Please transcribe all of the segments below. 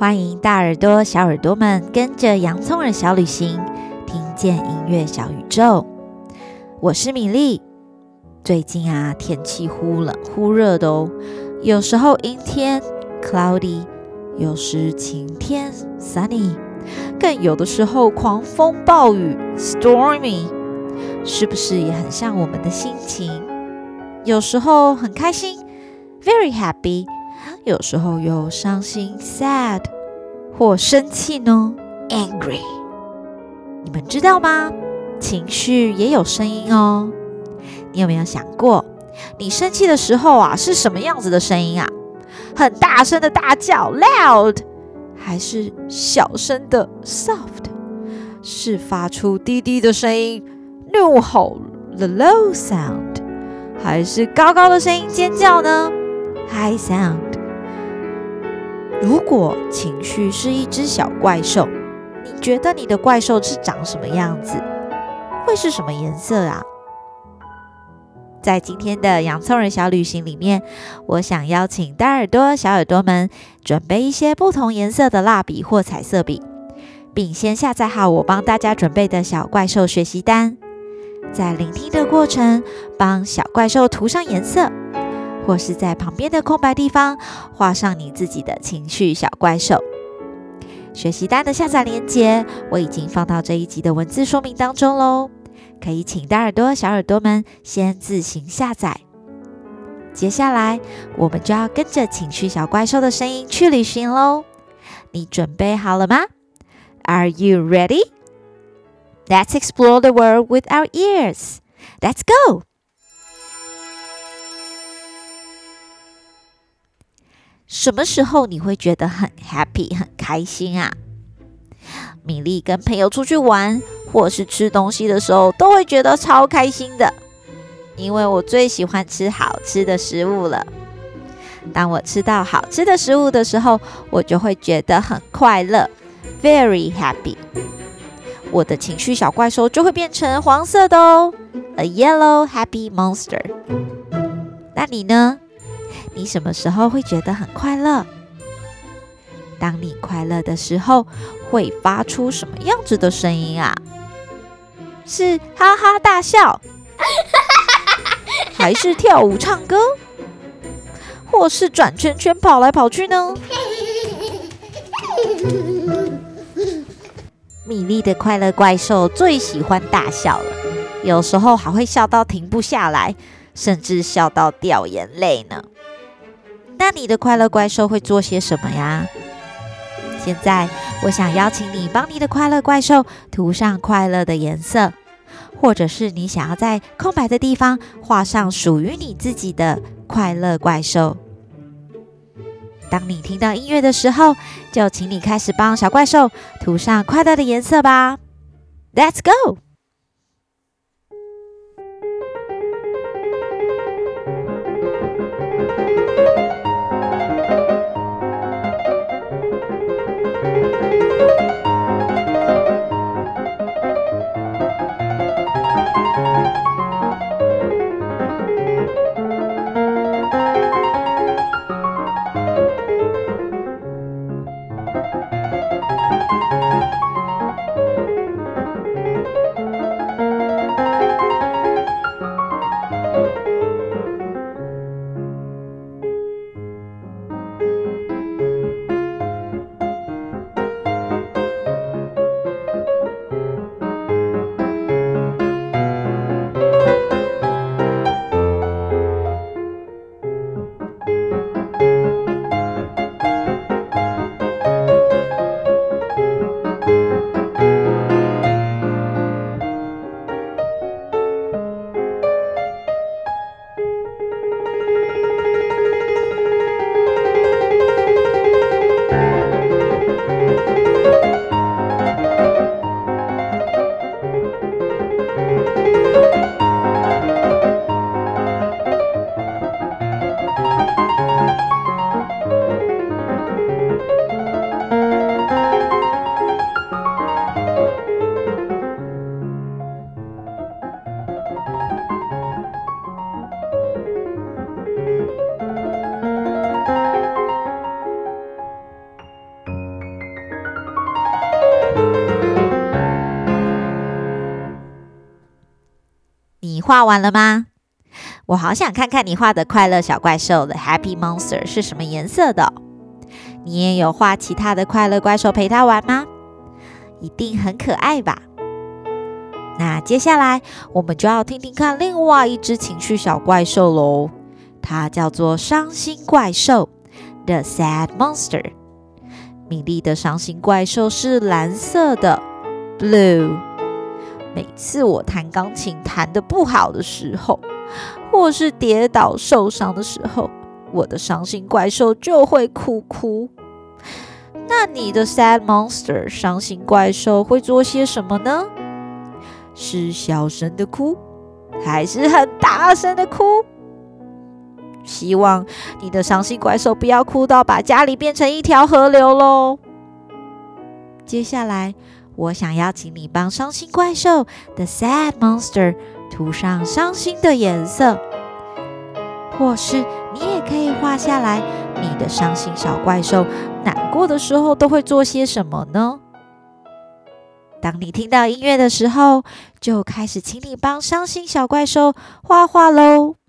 歡迎大耳朵、小耳朵們跟着洋蔥耳小旅行，聽見音樂小宇宙。我是米粒，最近啊，天氣忽冷忽熱的哦，有時候陰天 （cloudy），有時晴天 （sunny），更有的時候狂風暴雨 （stormy）。是不是也很像我們的心情？有時候很開心 （very happy）。有時候又傷心 （sad） 或生氣呢 （angry），你們知道嗎？情緒也有聲音哦。你有沒有想過，你生氣的時候啊，是什麼樣子的聲音啊？很大聲的大叫 （loud），還是小聲的 （soft）？是發出低低的聲音（怒吼 the low sound），還是高高的聲音尖叫呢 （high sound）？如果情緒是一隻小怪獸，你覺得你的怪獸是長什麼樣子？會是什麼顏色啊？在今天的洋蔥人小旅行裡面，我想邀請大耳朵、小耳朵們準備一些不同顏色的蠟筆或彩色筆，並先下載好我幫大家準備的小怪獸學習單，在聆聽的過程，幫小怪獸塗上顏色。或是在旁邊的空白地方畫上你自己的情緒小怪獸。學習單的下載鏈接我已經放到這一集的文字說明當中嘍，可以請大耳朵、小耳朵們先自行下載。接下來我們就要跟着情緒小怪獸的聲音去旅行嘍，你準備好了嗎？Are you ready? Let's explore the world with our ears. Let's go! 什麼時候你會覺得很 happy，很開心啊？米粒跟朋友出去玩或是吃東西的時候，都會覺得超開心的。因為我最喜歡吃好吃的食物了。當我吃到好吃的食物的時候，我就會覺得很快樂，very happy。我的情緒小怪獸就會變成黃色的哦，a yellow happy monster。那你呢？你什麼時候會覺得很快樂？當你快樂的時候，會發出什麼樣子的聲音啊？是哈哈大笑， 還是跳舞唱歌，或是轉圈圈跑來跑去呢？米粒 的快樂怪獸最喜歡大笑了，有時候還會笑到停不下來。甚至笑到掉眼淚呢。那你的快樂怪獸會做些什麼呀？現在我想邀請你幫你的快樂怪獸塗上快樂的顏色，或者是你想要在空白的地方畫上屬於你自己的快樂怪獸。當你聽到音樂的時候，就請你開始幫小怪獸塗上快樂的顏色吧。Let's go！畫完了嗎？我好想看看你畫的快樂小怪獸 The Happy Monster 是什麼顏色的。你也有畫其他的快樂怪獸陪它玩嗎？一定很可愛吧。那接下來我們就要聽聽看另外一只情緒小怪獸嘍，它叫做傷心怪獸 The Sad Monster。米粒的傷心怪獸是藍色的，Blue。每次我彈鋼琴彈得不好的時候，或是跌倒受傷的時候，我的傷心怪獸就會哭哭。那你的 Sad Monster 傷心怪獸會做些什麼呢？是小聲的哭，還是很大聲的哭？希望你的傷心怪獸不要哭到把家裡變成一條河流嘍。接下來。我想要請你幫傷心怪獸 The Sad Monster 塗上傷心的顏色，或是你也可以畫下來你的傷心小怪獸，難過的時候都會做些什麼呢？當你聽到音樂的時候，就開始請你幫傷心小怪獸畫畫嘍。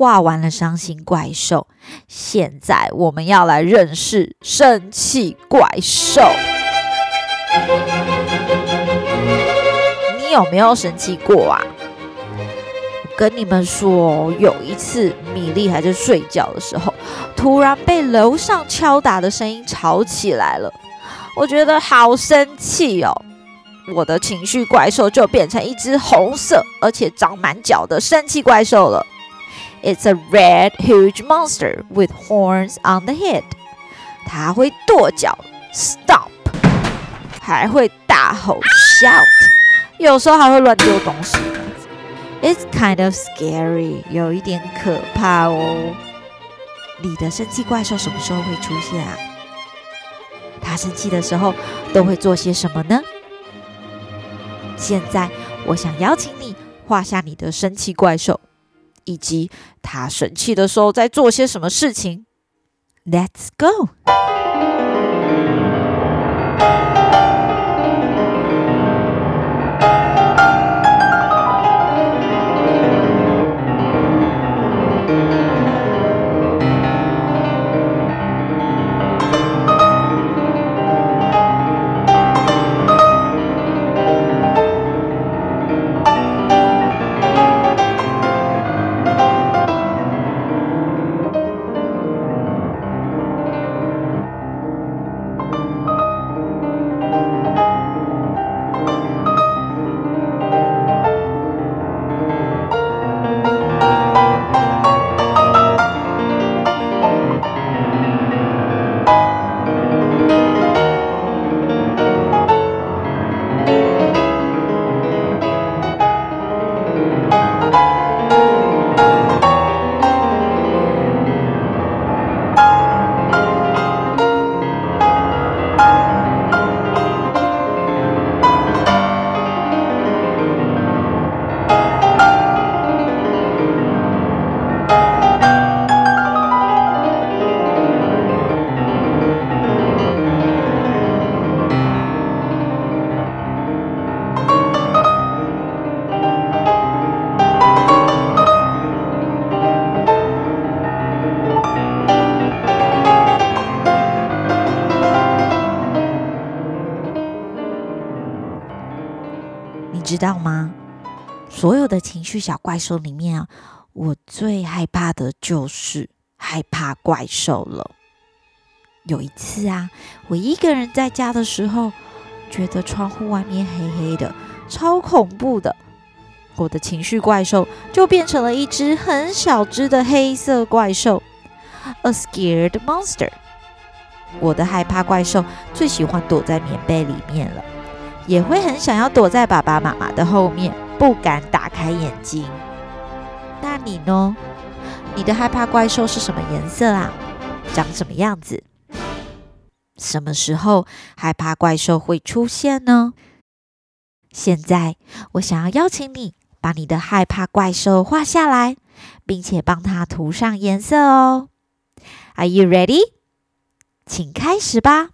畫完了傷心怪獸，現在我們要來認識生氣怪獸。你有沒有生氣過啊？跟你們說，有一次米粒還在睡覺的時候，突然被樓上敲打的聲音吵起來了，我覺得好生氣哦！我的情緒怪獸就變成一隻紅色而且長滿角的生氣怪獸了。It's a red, huge monster with horns on the head。它會跺腳，stomp，還會大吼，shout，有時候還會亂丟東西。It's kind of scary，有一點可怕哦。你的生氣怪獸什麼時候會出現啊？它生氣的時候都會做些什麼呢？現在，我想邀請你畫下你的生氣怪獸。以及他生氣的時候在做些什麼事情。Let's go！你知道嗎？所有的情緒小怪獸裡面啊，我最害怕的就是害怕怪獸了。有一次啊，我一個人在家的時候，覺得窗戶外面黑黑的，超恐怖的。我的情緒怪獸就變成了一隻很小隻的黑色怪獸，a scared monster。我的害怕怪獸最喜歡躲在棉被裡面了。也會很想要躲在爸爸媽媽的後面，不敢打開眼睛。那你呢？你的害怕怪獸是什麼顏色啊？長什麼樣子？什麼時候害怕怪獸會出現呢？現在我想要邀請你把你的害怕怪獸畫下來，並且幫它塗上顏色哦。Are you ready？請開始吧。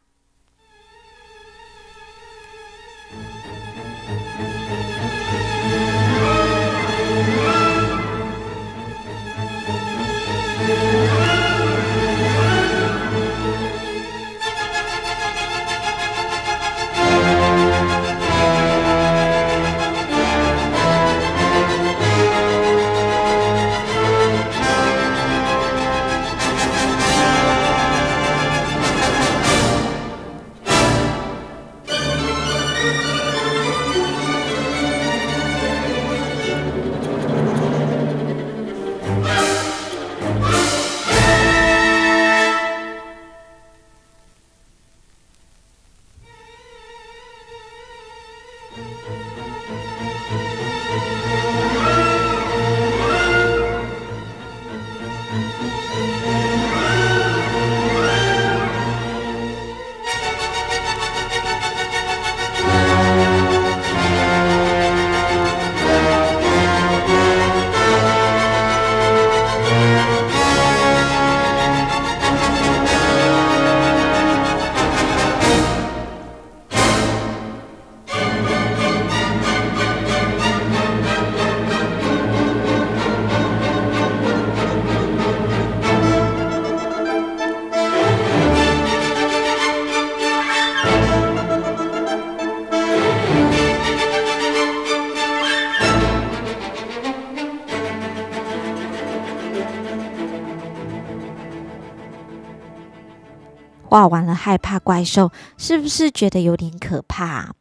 玩了害怕怪獸，是不是覺得有點可怕？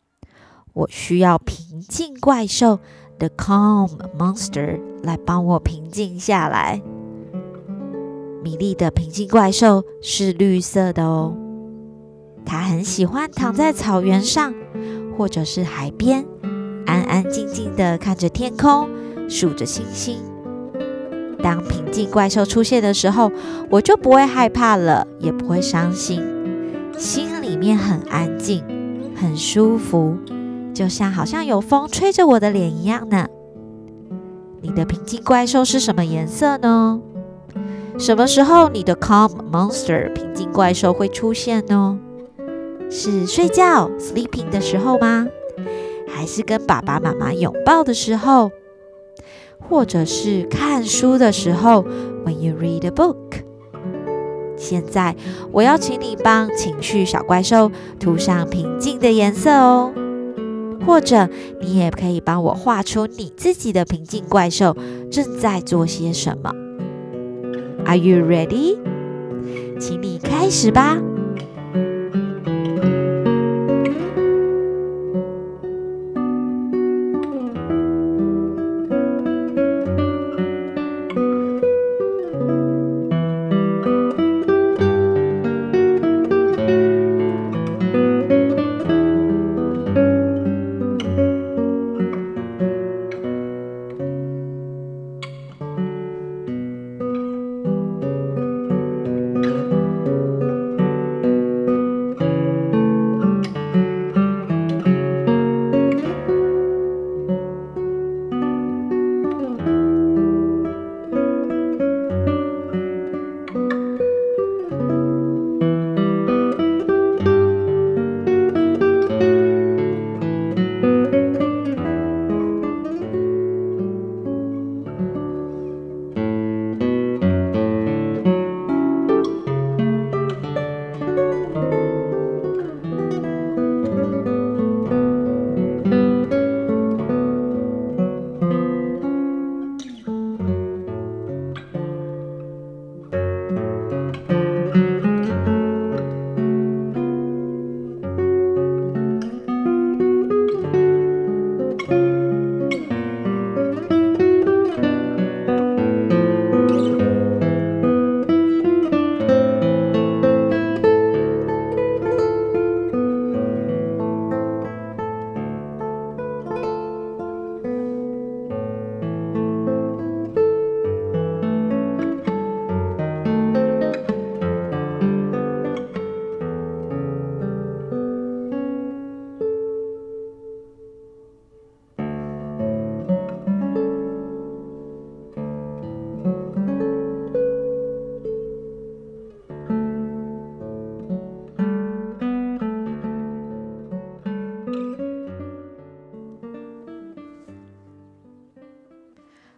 我需要平靜怪獸，The Calm Monster，來幫我平靜下來。米莉的平靜怪獸是綠色的哦，它很喜歡躺在草原上，或者是海邊，安安靜靜的看着天空，數着星星。當平靜怪獸出現的時候，我就不會害怕了，也不會傷心。心裡面很安靜，很舒服，就像好像有風吹着我的臉一樣呢。你的平靜怪獸是什麼顏色呢？什麼時候你的 calm monster 平靜怪獸會出現呢？是睡覺 sleeping 的時候嗎？還是跟爸爸媽媽擁抱的時候？或者是看書的時候，when you read a book。現在，我要請你幫情緒小怪獸塗上平靜的顏色哦。或者，你也可以幫我畫出你自己的平靜怪獸正在做些什麼。Are you ready？請你開始吧。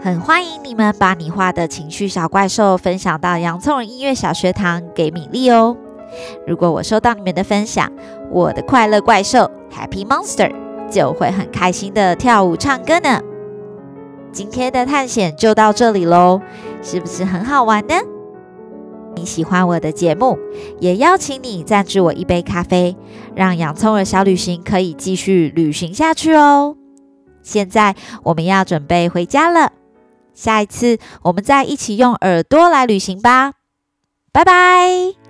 很歡迎你們把你畫的情緒小怪獸分享到洋蔥耳音樂小學堂給米粒哦。如果我收到你們的分享，我的快樂怪獸 Happy Monster 就會很開心的跳舞唱歌呢。今天的探險就到這裡嘍，是不是很好玩呢？你喜歡我的節目，也邀請你贊助我一杯咖啡，讓洋蔥耳小旅行可以繼續旅行下去哦。現在我們要準備回家了。下一次，我們再一起用耳朵來旅行吧，拜拜。